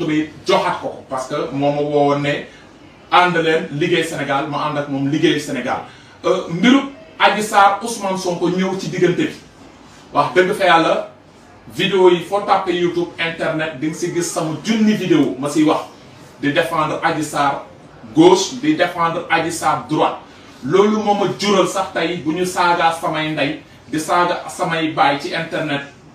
xutba yi joxaat ko ko parce que moo ma woowoon ne ànd leen liggéey Sénégal ma ànd ak moom liggéey Sénégal euh, mbiru Adji Sarr Ousmane Sonko ñëw ci diggante bi wax dëgg fa yàlla vidéo yi foo tàppee YouTube internet di nga si gis sama junni vidéo ma siy wax di défendre Adji Sarr gauche di défendre Adji Sarr droite loolu moom ma jural sax tey bu ñu saaga samay ndey di saaga samay baay ci internet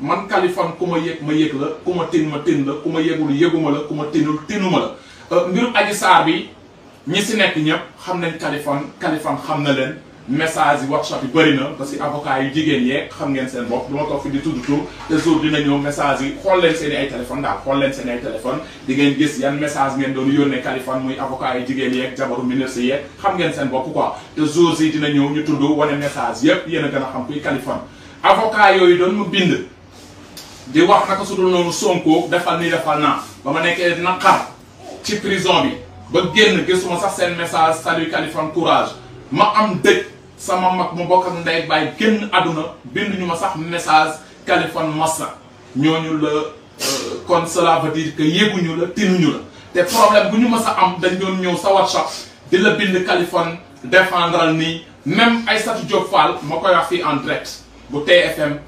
man Kaliphone ku ma yëg ma yëg la ku ma tin ma tin la ku ma yëgul yëguma la ku ma tinul tinuma la euh, mbirum Adji Sarr bi ñi si nekk ñëpp xam ne Kaliphone Kaliphone xam na leen message yi workshop yi bëri na parce que avocat yu jigéen yeeg xam ngeen seen bopp duma toog fi di tudd tur te jour dina ñëw yi xool leen seen i ay téléphone daal xool leen seen i ay téléphone di ngeen gis yan message ngeen doon yónnee Kaliphone muy avocat yu jigéen yeeg jabaru ministre yeeg xam ngeen seen bopp quoi te jour yi dina ñëw ñu tudd wane message yëpp yéen gën a xam kuy Kaliphone avocat yooyu doon mu bind di wax naka su dul noonu Sonko defal nii defal naa ba ma nekkee naqar ci prison bi ba génn gisuma sax seen message salut Kaliphone courage ma am dëj sama mag mu bokk ak ndey baay génn àdduna binduñu ma sax message Kaliphone massa ñooñu la euh, kon cela veut dire que yéguñu la tinuñu la te problème bu ñu mës a am dañ doon ñëw sa workshop di la bind Kaliphone défendral nii même Aïssatou Diop Fall ma koy wax fii en direct bu TFM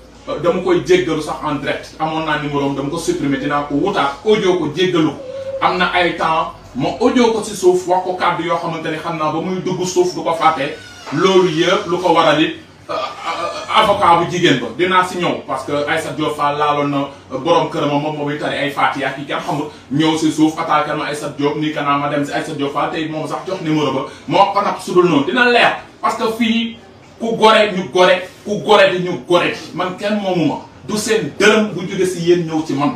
dama koy jéggalu sax en direct amoon naa numéro dama ko supprimer dinaa ko wutaat audio jéggalu am na ay temps ma audio si suuf wax ko kàddu yoo xamante ni xam naa ba muy dugg suuf du ko fàtte loolu yëpp lu ko waral it euh, euh, avocat bu jigéen ba dinaa si ñëw parce que Aïssa Diop Fall laaloon na borom këram moom mooy tari ay Fatiha yi kenn xamul ñëw si suuf attaqué ma Aïssa Diop nii a ma dem si Aïssa Diop Fall tey moom sax jox numéro ba moo ko ku gore ñu gore ku gore di ñu gore man kenn moomu ma du seen dërëm bu jóge si yéen ñëw ci man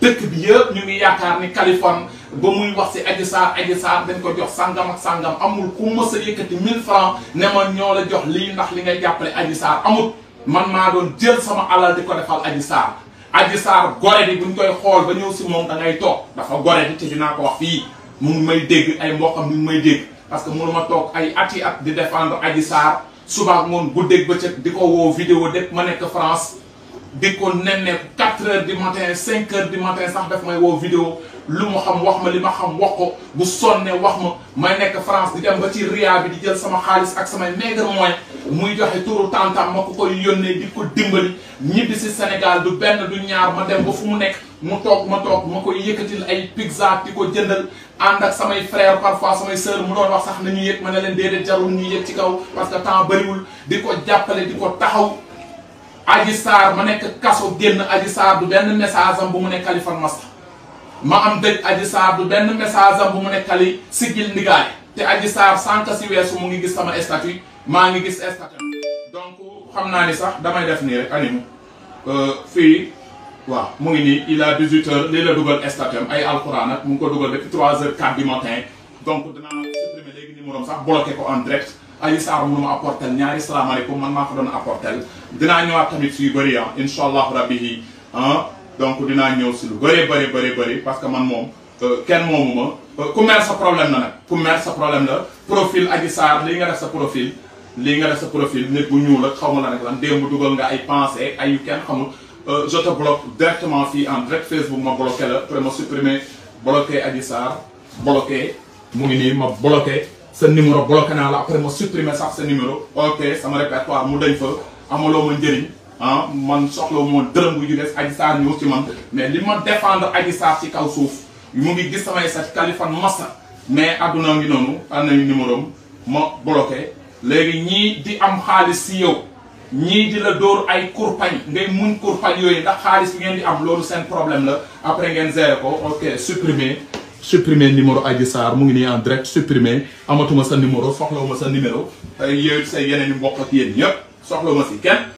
dëkk bi yëpp ñu ngi yaakaar ni Kaliphone ba muy wax si Adji Sarr Adji Sarr dañ ko jox sangam sàngam amul ku mës a yëkkati 1000 francs ne ma ñoo la jox lii ndax li ngay jàppale Adji Sarr amut man maa doon jël sama alal di ko defal Adji Sarr Adji Sarr gore di koy xool ba ñëw si moom da ngay toog dafa gore di ci dinaa ko wax fii mu may dégg ay mboqam mi ngi may dégg parce que mënu ma toog ay at at di défendre Adji Sarr Souvent, mon ngoon de la vidéo de France di ko 4 h du matin 5 h du matin ça daf may vidéo lu mu xam wax ma li ma xam wax ko bu sonne wax ma may nekk France di dem ba ci ria bi di jël sama xaalis ak samay maigre moyen muy joxe turu tantam ma ko koy yónnee di ko dimbali ñibbi si Sénégal du benn du ñaar ma dem ba fu mu nekk mu toog ma toog ma koy yëkkatil ay pizza di ko jëndal ànd ak samay frère parfois samay sœur mu doon wax sax nañu yëg ma ne leen déedéet jarul ñu yëpp ci kaw parce que temps bariwul di ko jàppale di ko taxaw Adji Sarr ma nekk kaso génn Adji Sarr du benn message am mu ne Kaliphone ma am dëj aji saar du benn message am bu mu nekkali siggil ndigaay te aji saar sànq si weesu mu ngi gis sama statut maa ngi gis statut donc xam naa ni sax damay def nii rek animu euh, fii waaw mu ngi nii il a 18 heures lii la dugal ay alxuraan ak mu ngi ko dugal depuis 3 heures 4 du matin donc dinaa supprimer léegi numéro am sax bloqué ko en direct aji saar mënu ma apportel ñaari salaamaaleykum man maa ko doon apportel dinaa ñëwaat tamit suy bëri ah incha allahu rabbi ah. donc dina aussi parce que man commerce euh, euh, sa problème nak problème la profil ce nga profil li nga def profil bu lan nga ay euh, je te bloque directement en direct Facebook ma bloqué la supprimer, bloqué bloquer bloqué mu ngi ma numéro bloqué ce la après ma supprimer numéro ok sama répertoire mu dañ fa amalo ma prof. Hein? man soxlo mo dërëm bu ñu def Adji Sarr ñëw ci man mais li ma défendre Adji Sarr ci kaw suuf mu ngi gis samay sa Kaliphone massa mais aduna ngi nonu am nañu numéro ma bloqué légui ñi di am xaaliss ci yow ñi di la door ay kurpañ ngay muñ kurpañ yoy ndax xaaliss bi ngeen di am lolu sen problème la après ngeen gérer ko ok supprimer supprimer numéro Adji mu ngi ni en direct supprimer amatuma sa numéro soxlawuma sa numéro tey yooyu say yeneen mbokk ak yéen ñëpp soxlawuma ci kenn